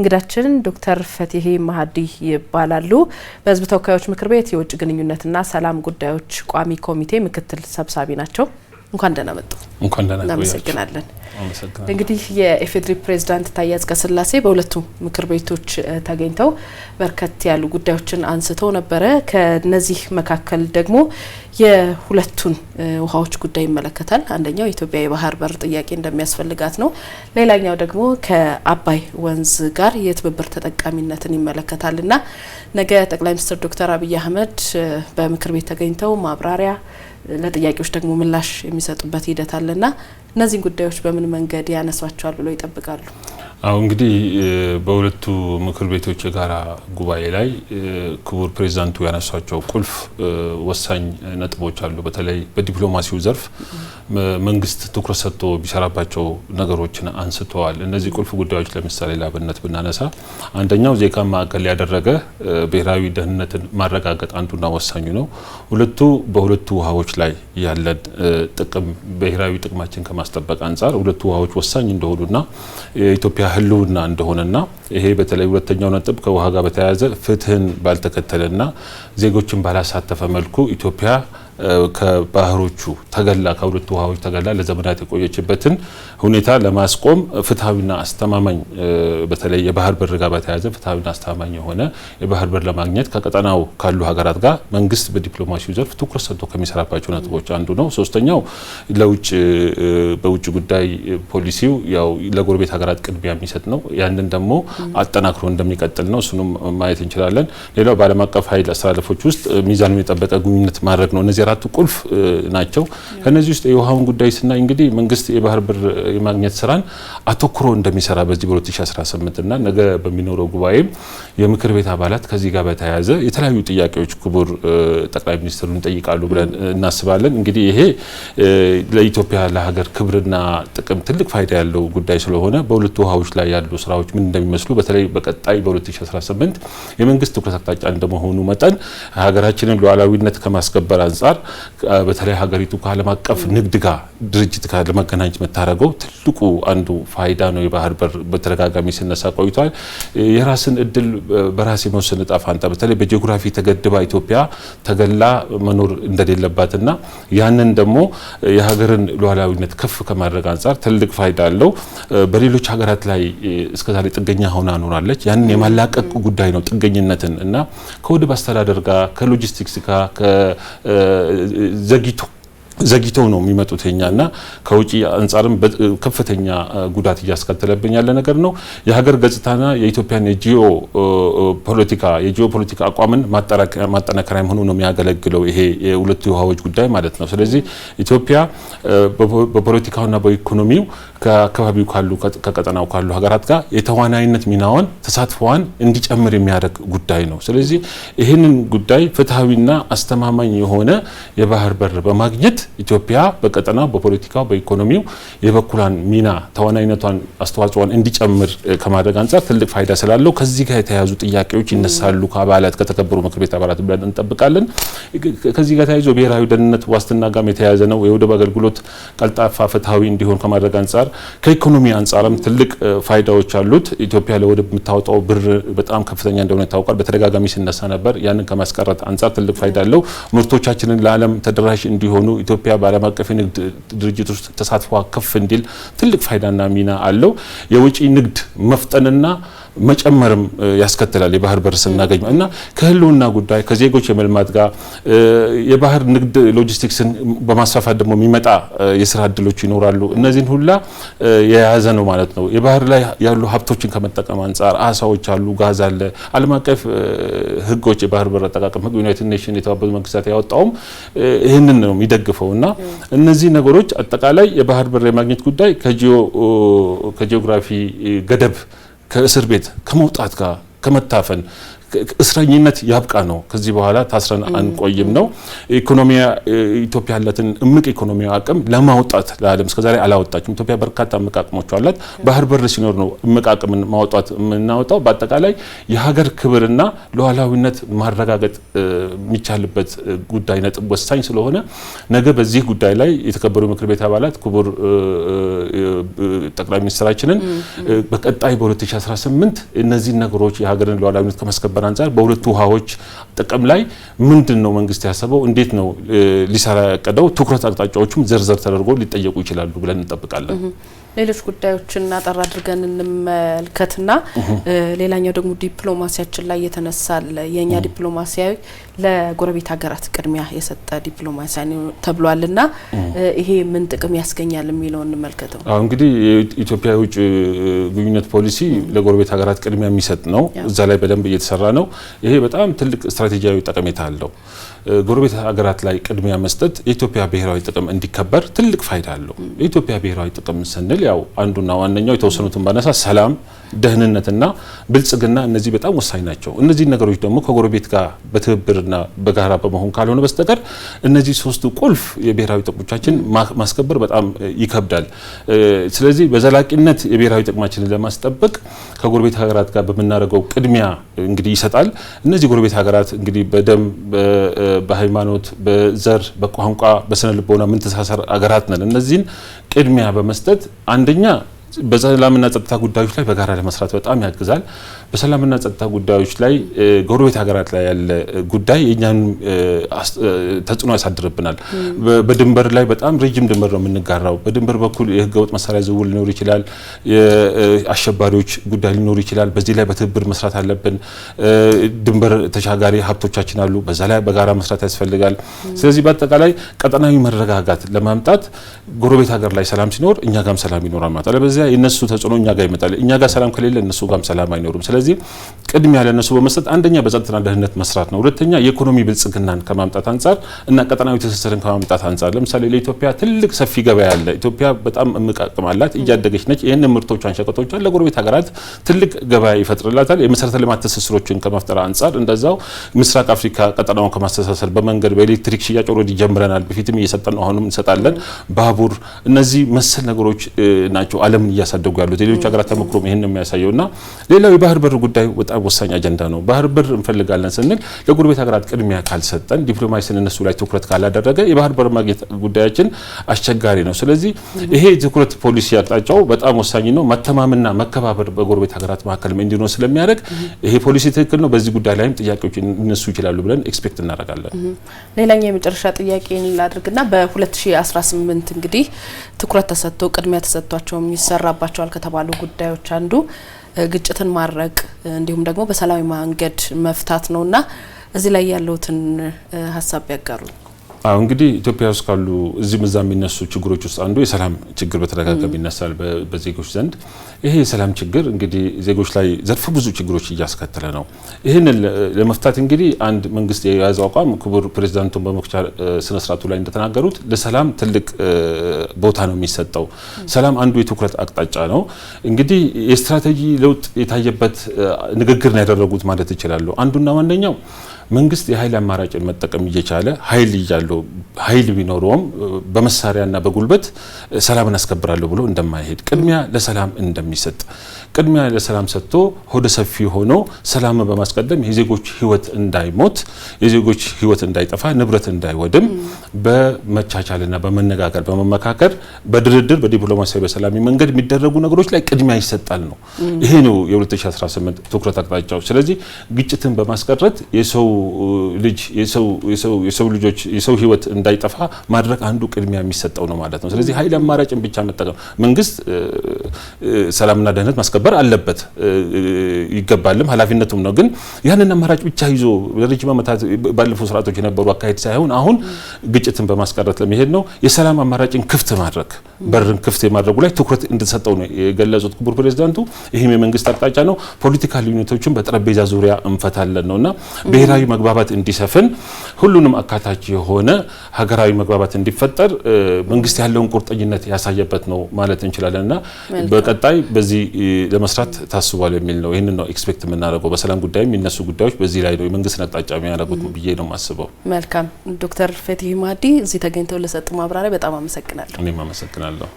እንግዳችን ዶክተር ፈቲሄ ማሀዲ ይባላሉ። በህዝብ ተወካዮች ምክር ቤት የውጭ ግንኙነትና ሰላም ጉዳዮች ቋሚ ኮሚቴ ምክትል ሰብሳቢ ናቸው። እንኳን ደህና መጡ። እናመሰግናለን። እንግዲህ የኢፌዴሪ ፕሬዚዳንት ታዬ አጽቀሥላሴ በሁለቱ ምክር ቤቶች ተገኝተው በርከት ያሉ ጉዳዮችን አንስተው ነበረ። ከነዚህ መካከል ደግሞ የሁለቱን ውሃዎች ጉዳይ ይመለከታል። አንደኛው የኢትዮጵያ የባህር በር ጥያቄ እንደሚያስፈልጋት ነው። ሌላኛው ደግሞ ከአባይ ወንዝ ጋር የትብብር ተጠቃሚነትን ይመለከታል እና ነገ ጠቅላይ ሚኒስትር ዶክተር አብይ አህመድ በምክር ቤት ተገኝተው ማብራሪያ ለጥያቄዎች ደግሞ ምላሽ የሚሰጡበት ሂደት አለና እነዚህን ጉዳዮች በምን በምን መንገድ ያነሷቸዋል ብለው ይጠብቃሉ? አሁን እንግዲህ በሁለቱ ምክር ቤቶች የጋራ ጉባኤ ላይ ክቡር ፕሬዚዳንቱ ያነሷቸው ቁልፍ ወሳኝ ነጥቦች አሉ። በተለይ በዲፕሎማሲው ዘርፍ መንግስት ትኩረት ሰጥቶ ቢሰራባቸው ነገሮችን አንስተዋል። እነዚህ ቁልፍ ጉዳዮች ለምሳሌ ላብነት ብናነሳ አንደኛው ዜካ ማዕከል ያደረገ ብሔራዊ ደህንነትን ማረጋገጥ አንዱና ወሳኙ ነው። ሁለቱ በሁለቱ ውሃዎች ላይ ያለን ጥቅም ብሔራዊ ጥቅማችን ከማስጠበቅ አንጻር ሁለቱ ውሃዎች ወሳኝ እንደሆኑና ኢትዮጵያ ህልውና እንደሆነና ይሄ በተለይ ሁለተኛው ነጥብ ከውሃ ጋር በተያያዘ ፍትህን ባልተከተለና ዜጎችን ባላሳተፈ መልኩ ኢትዮጵያ ከባህሮቹ ተገላ ከሁለቱ ውሃዎች ተገላ ለዘመናት የቆየችበትን ሁኔታ ለማስቆም ፍትሐዊና አስተማማኝ በተለይ የባህር በር ጋር በተያያዘ ፍትሐዊና አስተማማኝ የሆነ የባህር በር ለማግኘት ከቀጠናው ካሉ ሀገራት ጋር መንግስት በዲፕሎማሲው ዘርፍ ትኩረት ሰጥቶ ከሚሰራባቸው ነጥቦች አንዱ ነው። ሶስተኛው ለውጭ በውጭ ጉዳይ ፖሊሲው ያው ለጎረቤት ሀገራት ቅድሚያ የሚሰጥ ነው። ያንን ደግሞ አጠናክሮ እንደሚቀጥል ነው። እሱንም ማየት እንችላለን። ሌላው በዓለም አቀፍ ኃይል አስተላለፎች ውስጥ ሚዛኑን የጠበቀ ግንኙነት ማድረግ ነው። እነዚህ አራቱ ቁልፍ ናቸው። ከነዚህ ውስጥ የውሃውን ጉዳይ ስናይ እንግዲህ መንግስት የባህር በር የማግኘት ስራን አተኩሮ እንደሚሰራ በዚህ በ2018 እና ነገ በሚኖረው ጉባኤም የምክር ቤት አባላት ከዚህ ጋር በተያያዘ የተለያዩ ጥያቄዎች ክቡር ጠቅላይ ሚኒስትሩን ይጠይቃሉ ብለን እናስባለን። እንግዲህ ይሄ ለኢትዮጵያ ለሀገር ክብርና ጥቅም ትልቅ ፋይዳ ያለው ጉዳይ ስለሆነ በሁለቱ ውሃዎች ላይ ያሉ ስራዎች ምን እንደሚመስሉ በተለይ በቀጣይ በ2018 የመንግስት ትኩረት አቅጣጫ እንደመሆኑ መጠን ሀገራችንን ሉዓላዊነት ከማስከበር አንጻር በተለይ ሀገሪቱ ከዓለም አቀፍ ንግድ ጋር ድርጅት ጋር ለመገናኘት የምታደርገው ትልቁ አንዱ ፋይዳ ነው። የባህር በር በተደጋጋሚ ስነሳ ቆይቷል። የራስን እድል በራስ የመወሰን እጣ ፋንታ በተለይ በጂኦግራፊ ተገድባ ኢትዮጵያ ተገላ መኖር እንደሌለባትና ያንን ደግሞ የሀገርን ሉዓላዊነት ከፍ ከማድረግ አንጻር ትልቅ ፋይዳ አለው። በሌሎች ሀገራት ላይ እስከዛሬ ጥገኛ ሆና ኖራለች። ያንን የማላቀቅ ጉዳይ ነው ጥገኝነትን እና ከወደብ አስተዳደር ጋር ከሎጂስቲክስ ጋር ዘግይቶ ዘግይተው ነው የሚመጡት የኛና ከውጪ አንጻርም ከፍተኛ ጉዳት እያስከተለብን ያለ ነገር ነው። የሀገር ገጽታና የኢትዮጵያን የጂኦ ፖለቲካ የጂኦ ፖለቲካ አቋምን ማጠናከሪያ መሆኑ ነው የሚያገለግለው ይሄ የሁለቱ ውሃዎች ጉዳይ ማለት ነው። ስለዚህ ኢትዮጵያ በፖለቲካውና በኢኮኖሚው ከአካባቢው ካሉ ከቀጠናው ካሉ ሀገራት ጋር የተዋናይነት ሚናዋን ተሳትፎዋን እንዲጨምር የሚያደርግ ጉዳይ ነው። ስለዚህ ይህንን ጉዳይ ፍትሐዊና አስተማማኝ የሆነ የባህር በር በማግኘት ኢትዮጵያ በቀጠናው በፖለቲካው፣ በኢኮኖሚው የበኩሏን ሚና ተዋናይነቷን፣ አስተዋጽኦዋን እንዲጨምር ከማድረግ አንጻር ትልቅ ፋይዳ ስላለው ከዚህ ጋር የተያያዙ ጥያቄዎች ይነሳሉ ከአባላት ከተከበሩ ምክር ቤት አባላት ብለን እንጠብቃለን። ከዚህ ጋር ተያይዞ ብሔራዊ ደህንነት ዋስትና ጋም የተያያዘ ነው። የወደብ አገልግሎት ቀልጣፋ ፍትሐዊ እንዲሆን ከማድረግ አንጻር ከኢኮኖሚ አንጻርም ትልቅ ፋይዳዎች አሉት። ኢትዮጵያ ለወደብ የምታወጣው ብር በጣም ከፍተኛ እንደሆነ ይታወቃል። በተደጋጋሚ ሲነሳ ነበር። ያንን ከማስቀረት አንጻር ትልቅ ፋይዳ አለው። ምርቶቻችንን ለዓለም ተደራሽ እንዲሆኑ ኢትዮጵያ በዓለም አቀፍ የንግድ ድርጅት ውስጥ ተሳትፏ ከፍ እንዲል ትልቅ ፋይዳና ሚና አለው። የውጪ ንግድ መፍጠንና መጨመርም ያስከትላል። የባህር በር ስናገኝ እና ከህልውና ጉዳይ ከዜጎች የመልማት ጋር የባህር ንግድ ሎጂስቲክስን በማስፋፋት ደግሞ የሚመጣ የስራ እድሎች ይኖራሉ። እነዚህን ሁላ የያዘ ነው ማለት ነው። የባህር ላይ ያሉ ሀብቶችን ከመጠቀም አንጻር አሳዎች አሉ፣ ጋዝ አለ። ዓለም አቀፍ ህጎች የባህር በር አጠቃቀም ህግ ዩናይትድ ኔሽን የተባበሩት መንግስታት ያወጣውም ይህንን ነው የሚደግፈው እና እነዚህ ነገሮች አጠቃላይ የባህር በር የማግኘት ጉዳይ ከጂኦግራፊ ገደብ ከእስር ቤት ከመውጣት ጋር ከመታፈን እስረኝነት ያብቃ ነው። ከዚህ በኋላ ታስረን አንቆይም ነው። ኢኮኖሚያ ኢትዮጵያ ያላትን እምቅ ኢኮኖሚ አቅም ለማውጣት ለዓለም እስከዛሬ አላወጣችም። ኢትዮጵያ በርካታ እምቅ አቅሞች አላት። ባህር በር ሲኖር ነው እምቅ አቅምን ማውጣት የምናወጣው። በአጠቃላይ የሀገር ክብርና ሉዓላዊነት ማረጋገጥ የሚቻልበት ጉዳይ ነጥብ ወሳኝ ስለሆነ ነገ በዚህ ጉዳይ ላይ የተከበሩ ምክር ቤት አባላት ክቡር ጠቅላይ ሚኒስትራችንን በቀጣይ በ2018 እነዚህን ነገሮች የሀገርን ሉዓላዊነት ከማስከበር ከነበረ አንጻር በሁለቱ ውሃዎች ጥቅም ላይ ምንድን ነው መንግስት ያሰበው? እንዴት ነው ሊሰራ ያቀደው? ትኩረት አቅጣጫዎቹም ዝርዝር ተደርጎ ሊጠየቁ ይችላሉ ብለን እንጠብቃለን። ሌሎች ጉዳዮችን አጠር አድርገን እንመልከትና ሌላኛው ደግሞ ዲፕሎማሲያችን ላይ የተነሳል። የእኛ ዲፕሎማሲያዊ ለጎረቤት ሀገራት ቅድሚያ የሰጠ ዲፕሎማሲ ተብሏልና ይሄ ምን ጥቅም ያስገኛል የሚለው እንመልከተው። አሁ እንግዲህ የኢትዮጵያ የውጭ ግንኙነት ፖሊሲ ለጎረቤት ሀገራት ቅድሚያ የሚሰጥ ነው። እዛ ላይ በደንብ እየተሰራ ነው። ይሄ በጣም ትልቅ ስትራቴጂያዊ ጠቀሜታ አለው። ጎረቤት ሀገራት ላይ ቅድሚያ መስጠት የኢትዮጵያ ብሔራዊ ጥቅም እንዲከበር ትልቅ ፋይዳ አለው። የኢትዮጵያ ብሔራዊ ጥቅም ስንል ያው አንዱና ዋነኛው የተወሰኑትን ባነሳ ሰላም፣ ደህንነትና ብልጽግና እነዚህ በጣም ወሳኝ ናቸው። እነዚህ ነገሮች ደግሞ ከጎረቤት ጋር በትብብርና በጋራ በመሆን ካልሆነ በስተቀር እነዚህ ሶስቱ ቁልፍ የብሔራዊ ጥቅሞቻችን ማስከበር በጣም ይከብዳል። ስለዚህ በዘላቂነት የብሔራዊ ጥቅማችንን ለማስጠበቅ ከጎረቤት ሀገራት ጋር በምናደርገው ቅድሚያ እንግዲህ ይሰጣል። እነዚህ ጎረቤት ሀገራት እንግዲህ በደም በሃይማኖት፣ በዘር፣ በቋንቋ፣ በስነ ልቦና የምንተሳሰር አገራት ነን። እነዚህን ቅድሚያ በመስጠት አንደኛ በሰላምና ጸጥታ ጉዳዮች ላይ በጋራ ለመስራት በጣም ያግዛል። በሰላምና ጸጥታ ጉዳዮች ላይ ጎረቤት ሀገራት ላይ ያለ ጉዳይ የእኛን ተጽዕኖ ያሳድርብናል። በድንበር ላይ በጣም ረጅም ድንበር ነው የምንጋራው። በድንበር በኩል የህገወጥ መሳሪያ ዝውውር ሊኖር ይችላል። የአሸባሪዎች ጉዳይ ሊኖር ይችላል። በዚህ ላይ በትብብር መስራት አለብን። ድንበር ተሻጋሪ ሀብቶቻችን አሉ። በዛ ላይ በጋራ መስራት ያስፈልጋል። ስለዚህ በአጠቃላይ ቀጠናዊ መረጋጋት ለማምጣት ጎረቤት ሀገር ላይ ሰላም ሲኖር እኛ ጋም ሰላም ይኖራል ማለት አለበለዚያ የነሱ ተጽዕኖ እኛ ጋር ይመጣል። እኛ ጋር ሰላም ከሌለ እነሱ ጋም ሰላም አይኖርም። ስለዚህ ቅድሚያ ለነሱ በመስጠት አንደኛ በጸጥታና ደህንነት መስራት ነው። ሁለተኛ የኢኮኖሚ ብልጽግናን ከማምጣት አንጻር እና ቀጠናዊ ትስስርን ከማምጣት አንጻር ለምሳሌ ለኢትዮጵያ ትልቅ ሰፊ ገበያ አለ። ኢትዮጵያ በጣም እምቅ አቅም አላት፣ እያደገች ነች። ይህን ምርቶቿን፣ ሸቀጦቿን ለጎረቤት ሀገራት ትልቅ ገበያ ይፈጥርላታል። የመሰረተ ልማት ትስስሮችን ከመፍጠር አንጻር እንደዛው ምስራቅ አፍሪካ ቀጠናውን ከማስተሳሰር በመንገድ በኤሌክትሪክ ሽያጭ ወረድ ጀምረናል። በፊትም እየሰጠን ነው፣ አሁንም እንሰጣለን። ባቡር፣ እነዚህ መሰል ነገሮች ናቸው አለምን እያሳደጉ ያሉት። ሌሎች ሀገራት ተሞክሮም ይህን የሚያሳየው እና ሌላው የባህር የብር ጉዳይ በጣም ወሳኝ አጀንዳ ነው። ባህር በር እንፈልጋለን ስንል ለጎረቤት ሀገራት ቅድሚያ ካልሰጠን፣ ዲፕሎማሲን እነሱ ላይ ትኩረት ካላደረገ የባህር በር ማግኘት ጉዳያችን አስቸጋሪ ነው። ስለዚህ ይሄ ትኩረት ፖሊሲ አቅጣጫው በጣም ወሳኝ ነው። መተማመንና መከባበር በጎረቤት ሀገራት መካከል እንዲኖር ስለሚያደርግ ይሄ ፖሊሲ ትክክል ነው። በዚህ ጉዳይ ላይም ጥያቄዎች እነሱ ይችላሉ ብለን ኤክስፔክት እናደርጋለን። ሌላኛው የመጨረሻ ጥያቄ ላድርግና በ2018 እንግዲህ ትኩረት ተሰጥቶ ቅድሚያ ተሰጥቷቸው ይሰራባቸዋል ከተባሉ ጉዳዮች አንዱ ግጭትን ማድረግ እንዲሁም ደግሞ በሰላማዊ መንገድ መፍታት እና እዚህ ላይ ያለውትን ሀሳብ ያጋሩ። አሁ እንግዲህ ኢትዮጵያ ውስጥ ካሉ እዚህም እዛ የሚነሱ ችግሮች ውስጥ አንዱ የሰላም ችግር በተደጋጋሚ ይነሳል በዜጎች ዘንድ። ይሄ የሰላም ችግር እንግዲህ ዜጎች ላይ ዘርፈ ብዙ ችግሮች እያስከተለ ነው። ይህንን ለመፍታት እንግዲህ አንድ መንግስት የያዘው አቋም ክቡር ፕሬዚዳንቱን በመክቻ ስነስርዓቱ ላይ እንደተናገሩት ለሰላም ትልቅ ቦታ ነው የሚሰጠው። ሰላም አንዱ የትኩረት አቅጣጫ ነው። እንግዲህ የስትራቴጂ ለውጥ የታየበት ንግግር ነው ያደረጉት ማለት ይችላሉ። አንዱና ዋነኛው መንግስት የኃይል አማራጭን መጠቀም እየቻለ ኃይል እያሉ ያለው ኃይል ቢኖረውም በመሳሪያና በጉልበት ሰላምን አስከብራለሁ ብሎ እንደማይሄድ ቅድሚያ ለሰላም እንደሚሰጥ ቅድሚያ ለሰላም ሰጥቶ ሆደ ሰፊ ሆኖ ሰላምን በማስቀደም የዜጎች ሕይወት እንዳይሞት የዜጎች ሕይወት እንዳይጠፋ ንብረት እንዳይወድም በመቻቻልና በመነጋገር በመመካከር በድርድር በዲፕሎማሲያዊ በሰላሚ መንገድ የሚደረጉ ነገሮች ላይ ቅድሚያ ይሰጣል ነው። ይሄ ነው የ2018 ትኩረት አቅጣጫው። ስለዚህ ግጭትን በማስቀረት የሰው ልጅ የሰው ልጆች የሰው ህይወት እንዳይጠፋ ማድረግ አንዱ ቅድሚያ የሚሰጠው ነው ማለት ነው። ስለዚህ ኃይል አማራጭን ብቻ መጠቀም መንግስት ሰላምና ደህንነት ማስከበር አለበት ይገባልም ኃላፊነቱም ነው። ግን ያንን አማራጭ ብቻ ይዞ ለረጅም ዓመታት ባለፉ ስርዓቶች የነበሩ አካሄድ ሳይሆን አሁን ግጭትን በማስቀረት ለመሄድ ነው። የሰላም አማራጭን ክፍት ማድረግ በርን ክፍት የማድረጉ ላይ ትኩረት እንድሰጠው ነው የገለጹት ክቡር ፕሬዚዳንቱ። ይህም የመንግስት አቅጣጫ ነው። ፖለቲካ ልዩነቶችን በጠረጴዛ ዙሪያ እንፈታለን ነው እና ብሔራዊ መግባባት እንዲሰፍን ሁሉንም አካታች የሆነ የሆነ ሀገራዊ መግባባት እንዲፈጠር መንግስት ያለውን ቁርጠኝነት ያሳየበት ነው ማለት እንችላለን እና በቀጣይ በዚህ ለመስራት ታስቧል የሚል ነው። ይህንን ነው ኤክስፔክት የምናደርገው። በሰላም ጉዳይ የሚነሱ ጉዳዮች በዚህ ላይ ነው የመንግስትን አቅጣጫ የሚያደርጉት ብዬ ነው የማስበው። መልካም ዶክተር ፈቲህ ማህዲ እዚህ ተገኝተው ለሰጡ ማብራሪያ በጣም አመሰግናለሁ። እኔም አመሰግናለሁ።